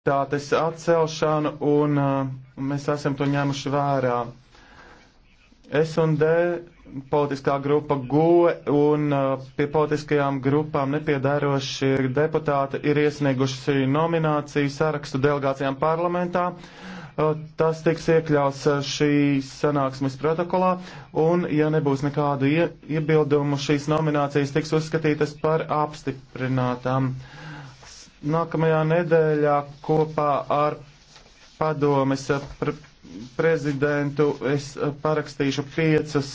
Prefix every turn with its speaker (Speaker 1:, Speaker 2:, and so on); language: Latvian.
Speaker 1: aktivitātes atcelšanu, un uh, mēs esam to ņēmuši vērā. S&D, politiskā grupa GOE un uh, pie politiskajām grupām nepiedarošie deputāti ir iesnieguši nomināciju sarakstu delegācijām parlamentā. Uh, tas tiks iekļauts uh, šīs sanāksmes protokolā, un, ja nebūs nekādu ie iebildumu, šīs nominācijas tiks uzskatītas par apstiprinātām. Uh, nākamajā nedēļā kopā ar padomes prezidentu es
Speaker 2: parakstīšu piecas.